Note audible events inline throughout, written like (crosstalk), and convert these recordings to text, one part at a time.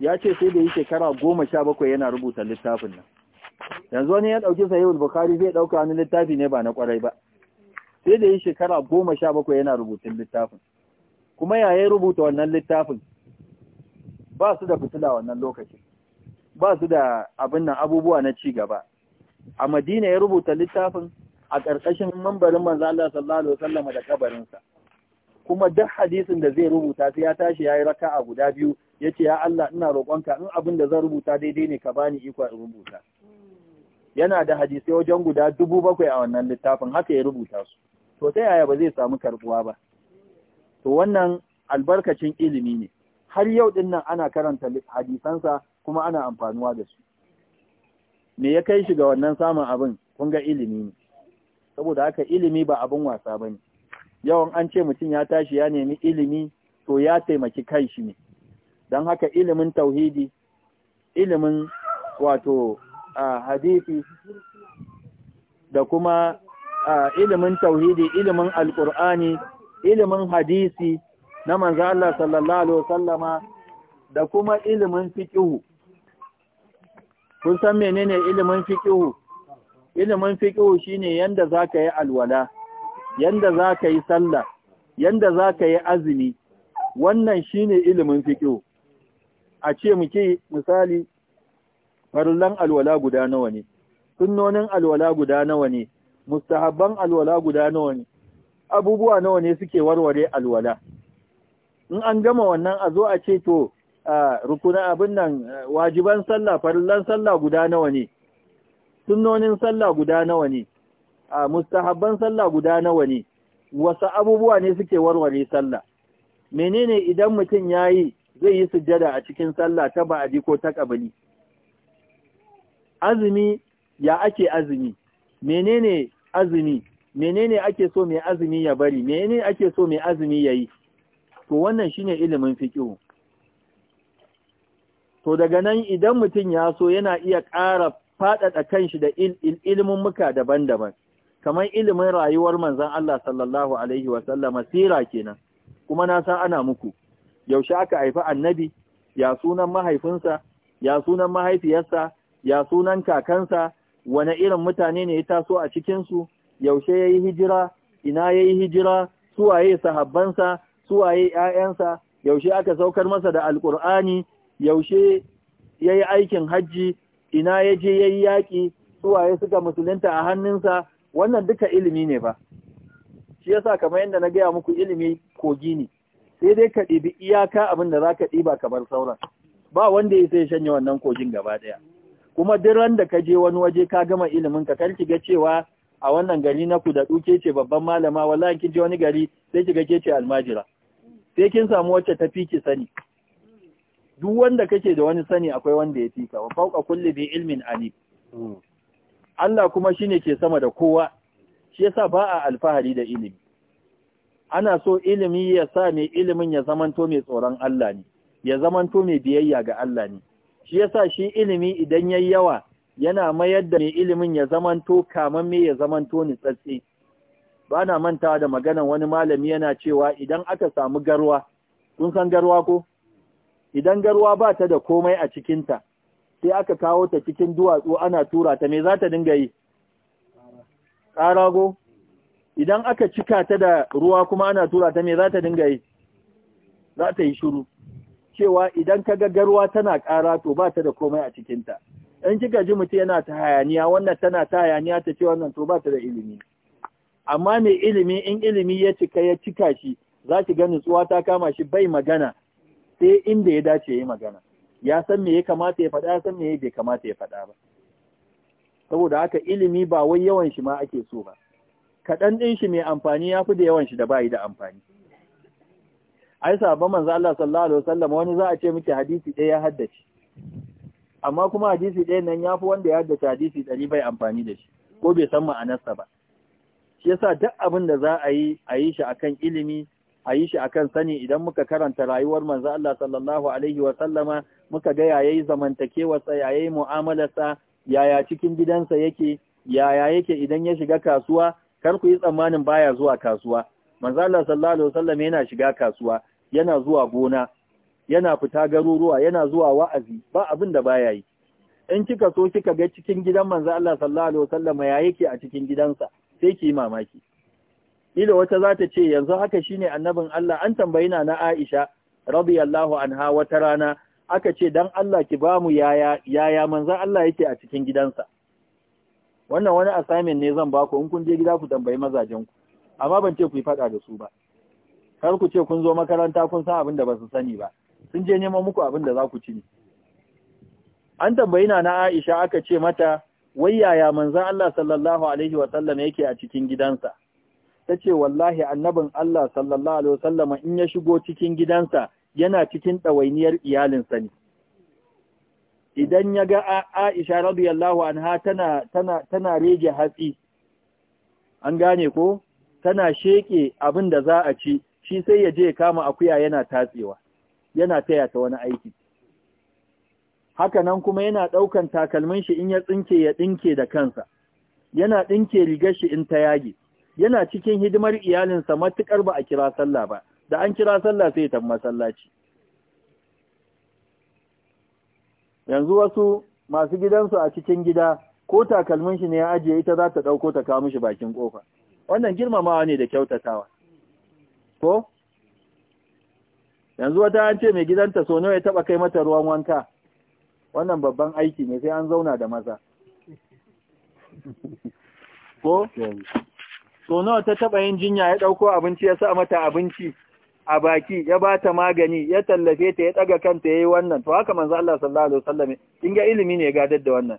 ya ce sai da yi shekara goma sha bakwai yana rubuta littafin nan yanzu wani ya ɗauki sahihul bukari zai ɗauka wani littafi ne ba na ƙwarai ba sai da yi shekara goma sha bakwai yana rubutun littafin kuma yi rubuta wannan littafin ba su da fitila wannan lokaci ba su da abin nan abubuwa na ci gaba a madina ya rubuta littafin a ƙarƙashin mambarin manzo Allah sallallahu alaihi wasallam da kabarinsa kuma duk hadisin da zai rubuta sai ya tashi yayi raka'a guda biyu ya ce ya Allah ina roƙonka in abin da zan rubuta daidai ne ka bani iko in rubuta yana da hadisai wajen guda dubu bakwai a wannan littafin haka ya rubuta su to ta yaya ba zai samu karbuwa ba to wannan albarkacin ilimi ne har yau din nan ana karanta hadisansa kuma ana amfanuwa da su me ya kai shi ga wannan samun abin kun ga ilimi ne saboda haka ilimi ba abin wasa ba ne. yawan an ce mutum ya tashi ya nemi ilimi to ya taimaki kai shi ne don haka ilimin tauhidi ilimin wato hadisi da kuma ilimin tauhidi ilimin alkur'ani ilimin hadisi na manzo Allah sallallahu alaihi wasallama da kuma ilimin fiqhu kun san menene ilimin fiqhu ilimin fiqhu shine yanda zaka yi alwala yanda zaka yi sallah yanda zaka yi azumi wannan shine ilimin fiqhu a ce muke misali farullan alwala guda nawa ne sunnonin alwala guda nawa ne mustahabban alwala guda nawa ne abubuwa nawa ne suke warware alwala in an gama wannan a zo a ce to rukuna abin nan wajiban sallah farillan sallah guda nawa ne sunnonin sallah guda nawa ne mustahabban sallah guda nawa ne wasu abubuwa ne suke warware sallah menene idan mutum yayi zai yi sujjada a cikin sallah ta ba'adi ko ta ƙabali. Azumi ya ake azumi, menene azumi, menene ake so mai azumi ya bari, menene ake so mai azumi ya yi, to wannan shine ilimin fiƙihu. To daga nan idan mutum ya so yana iya ƙara faɗaɗa kanshi da ilimin muka daban-daban, kamar ilimin rayuwar manzan Allah sallallahu Alaihi wasallama sira kenan, kuma na san ana muku. yaushe aka haifi annabi ya sunan mahaifinsa ya sunan mahaifiyarsa ya sunan kakansa wane irin mutane ne ya taso a cikinsu yaushe ya yi hijira ina ya yi hijira suwaye sahabbansa suwaye ‘ya'yansa yaushe aka saukar masa da alƙur'ani yaushe ya yi aikin hajji ina ya je ya yi yaƙi suwaye suka musulunta a hannunsa wannan duka ilimi ne ba shi yasa kamar yadda na gaya muku ilimi kogi ne sai dai ka ɗibi iyaka abin da za ka ɗiba kamar sauran ba wanda ya sai shanye wannan kogin gaba ɗaya kuma duk ran da ka je wani waje ka gama ilimin ka kar ga cewa a wannan gari na ku da duke ce babban malama wallahi kin je wani gari sai kiga ke ce almajira sai kin samu wacce ta fi ki sani duk wanda kake da wani sani akwai wanda ya fika wa fauka kulli bi ilmin ali hmm. Allah kuma shine ke sama da kowa shi yasa ba a alfahari da ilimi ana so ilimi ya sa mai ilimin ya zamanto mai tsoron Allah ne ya zamanto mai biyayya ga Allah ne shi ya sa shi ilimi idan yayi yawa yana mayar da mai ilimin ya zamanto kamar mai ya zamanto ni tsatsi ba na mantawa da maganan wani malami yana cewa idan aka samu garwa kun san garwa ko idan garwa ba ta da komai a cikinta sai aka kawo ta cikin duwatsu ana tura ta me za ta dinga yi ƙarago idan aka cika ta da ruwa kuma ana tura ta me za ta dinga yi za ta yi shiru cewa idan ka garwa tana kara to ba ta da komai a cikinta in kika ji mutum yana ta hayaniya wannan tana ta hayaniya ta ce wannan to ba ta da ilimi amma mai ilimi in ilimi ya cika ya cika shi za ki ga nutsuwa ta kama shi bai magana sai inda ya dace ya yi magana ya san me ya kamata ya faɗa ya san me ya bai kamata ya faɗa ba saboda haka ilimi ba wai yawan shi ma ake so ba kaɗan ɗin shi mai amfani ya fi da yawan shi da bayi da amfani ai sabon manzo Allah sallallahu alaihi wasallam wani za a ce miki hadisi ɗaya ya haddace amma kuma hadisi ɗaya nan ya fi wanda ya haddace hadisi ɗari bai amfani da shi ko bai san ma'anarsa ba shi yasa duk abin da za a yi a yi shi akan ilimi a yi shi akan sani idan muka karanta rayuwar manzo Allah sallallahu alaihi wa sallama muka ga yi zamantakewarsa yi mu'amalarsa yaya cikin gidansa yake yaya yake idan ya shiga kasuwa kar ku yi tsammanin baya zuwa kasuwa manzo Allah sallallahu alaihi wasallam yana shiga kasuwa yana zuwa gona yana fita garuruwa yana zuwa wa'azi ba abin da baya yi in kika so kika ga cikin gidan manzo Allah sallallahu alaihi wasallam ya yake a cikin gidansa sai ki mamaki ila wata za ta ce yanzu haka shine annabin Allah an tambayi na Aisha radiyallahu anha wata rana aka ce dan Allah ki bamu yaya yaya manzo Allah yake a cikin gidansa wannan wani asamin ne zan baku in kun je gida ku tambayi mazajen ku amma ban ce ku yi fada da su ba kar ku ce kun zo makaranta kun san abin da ba su sani ba sun je neman muku abin da za ku ci an tambayi na na Aisha aka ce mata wai yaya manzon Allah sallallahu alaihi wa sallam yake a cikin gidansa tace wallahi annabin Allah sallallahu alaihi wa sallama in ya shigo cikin gidansa yana cikin ɗawainiyar iyalinsa ne idan ya ga Aisha radiyallahu anha tana tana tana rege hatsi an gane ko tana sheke abin da za a ci shi sai ya je kama akuya yana tatsewa yana taya ta wani aiki haka nan kuma yana daukan takalmin shi in ya tsinke ya dinke da kansa yana dinke rigar shi in ta yage yana cikin hidimar iyalinsa matukar ba a kira sallah ba da an kira sallah sai ta masallaci yanzu wasu masu gidansu a cikin gida ko takalmin shi ne ya ajiye ita za ta ɗauko ta kawo mishi bakin ƙofa wannan girmamawa ne da kyautatawa ko yanzu wata an ce mai gidanta so nawa ya taɓa kai mata ruwan wanka wannan babban aiki ne sai an zauna da maza ko so nawa ta taɓa yin jinya ya ɗauko abinci ya sa mata abinci a baki ya bata magani ya tallafe ta ya daga kanta yayi wannan to haka manzo Allah sallallahu alaihi wasallam kin ga ilimi ne gadar da wannan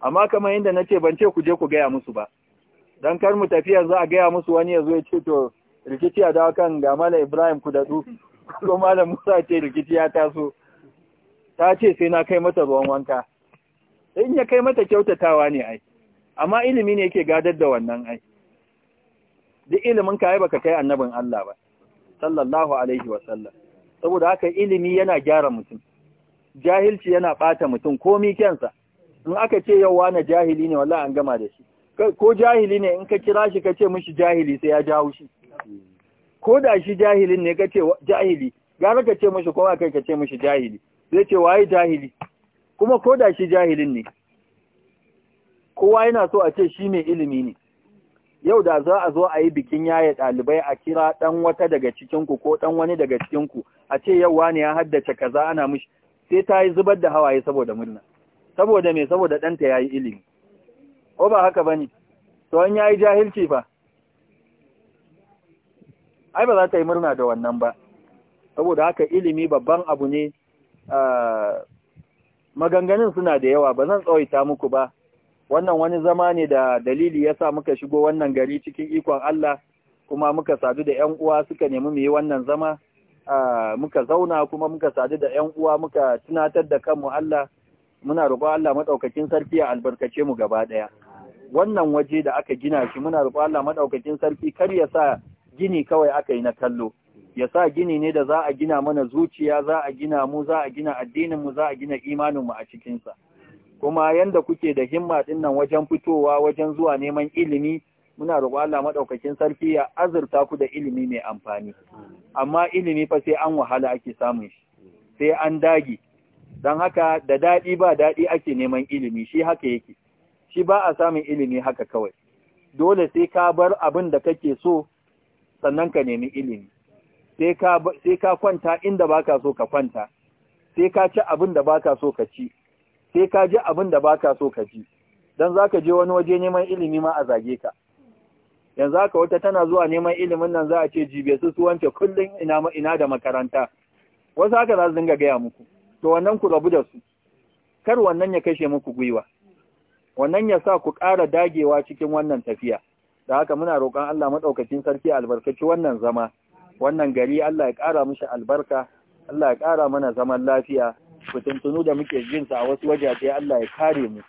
amma kamar inda nace ban ce ku je ku gaya musu ba dan kar mu tafi yanzu a gaya musu wani yazo ya ce to rikici a dawo kan ga malam Ibrahim ku dadu (laughs) ko malam Musa ce rikici ya taso ta ce sai na kai mata ruwan wanka in ya kai mata kyautatawa ne ai amma ilimi ne yake gadar da wannan ai duk ilimin ka ai baka kai annabin Allah ba sallallahu alaihi wasallam saboda haka ilimi yana gyara mutum jahilci yana bata mutum komi kyansa in aka ce yau wani jahili ne wallahi an gama da shi ko jahili ne in ka kira shi ka ce mishi jahili sai ya jawo shi ko da shi jahilin ne ka ce jahili gara ka ce mishi kowa kai ka ce mishi jahili zai ce waye jahili kuma ko da shi jahilin ne kowa yana so a ce shi mai ilimi ne yau da za a zo a yi bikin yaye ɗalibai a kira ɗan wata daga cikinku ko ɗan wani daga cikinku a ce yau wani ya haddace kaza ana mishi sai ta yi zubar da hawaye saboda murna saboda me saboda ɗanta ya yi ilimi ko ba haka ba ne to an ya yi jahilci fa ai ba za ta yi murna da wannan ba saboda haka ilimi babban abu ne ah, maganganun suna da yawa ba zan tsawaita muku ba wannan wani zama ne da dalili ya sa muka shigo wannan gari cikin ikon Allah kuma muka sadu da ‘yan uwa suka nemi mu yi wannan zama muka zauna kuma muka sadu da ‘yan uwa muka tunatar da kanmu Allah muna roƙo Allah maɗaukakin sarki a albarkace mu gaba ɗaya wannan waje da aka gina shi muna roƙo Allah maɗaukakin sarki kar ya sa gini kawai aka yi na kallo ya sa gini ne da za a gina mana zuciya za a gina mu za a gina addinin mu za a gina imanin mu a cikinsa. kuma yanda kuke da himma din nan wajen fitowa wajen zuwa neman ilimi muna roƙo Allah madaukakin sarki ya azurta ku da ilimi mai amfani amma ilimi fa sai an wahala ake samun shi sai an dage don haka da daɗi ba daɗi ake neman ilimi shi haka yake shi ba a samun ilimi haka kawai dole sai ka bar abin da kake so sannan ka nemi ilimi sai ka kwanta inda baka so ka kwanta sai ka ci abin da baka so ka ci sai ka ji abin da baka so ka ji don za ka je wani waje neman ilimi ma a zage ka yanzu haka wata tana zuwa neman ilimin nan za a ce jibe su su wance kullum ina da makaranta wasu haka za su dinga gaya muku to wannan ku rabu da su kar wannan ya kashe muku gwiwa wannan ya sa ku ƙara dagewa cikin wannan tafiya da haka muna roƙon Allah maɗaukacin sarki albarkaci wannan zama wannan gari Allah ya ƙara mishi albarka Allah ya ƙara mana zaman lafiya fitintunu da muke jinsa a wasu wajaje Allah ya kare mu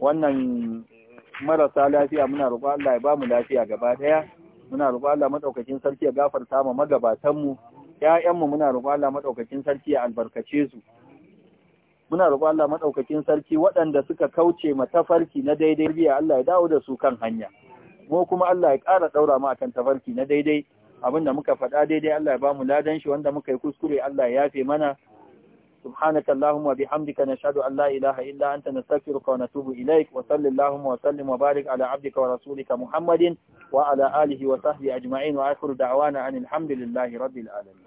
wannan marasa lafiya muna roƙo Allah ya ba mu lafiya gaba daya muna roƙo Allah madaukakin sarki ya gafarta mu magabatan mu ƴaƴan mu muna roƙo Allah madaukakin sarki ya albarkace su muna roƙo Allah madaukakin sarki waɗanda suka kauce ma tafarki na daidai biya Allah ya dawo da su kan hanya mu kuma Allah ya ƙara daura mu akan tafarki na daidai abinda muka faɗa daidai Allah ya ba mu ladan shi wanda muka yi kuskure Allah ya yafe mana سبحانك اللهم وبحمدك نشهد أن لا إله إلا أنت نستغفرك ونتوب إليك وصل اللهم وسلم وبارك على عبدك ورسولك محمد وعلى آله وصحبه أجمعين وآخر دعوانا عن الحمد لله رب العالمين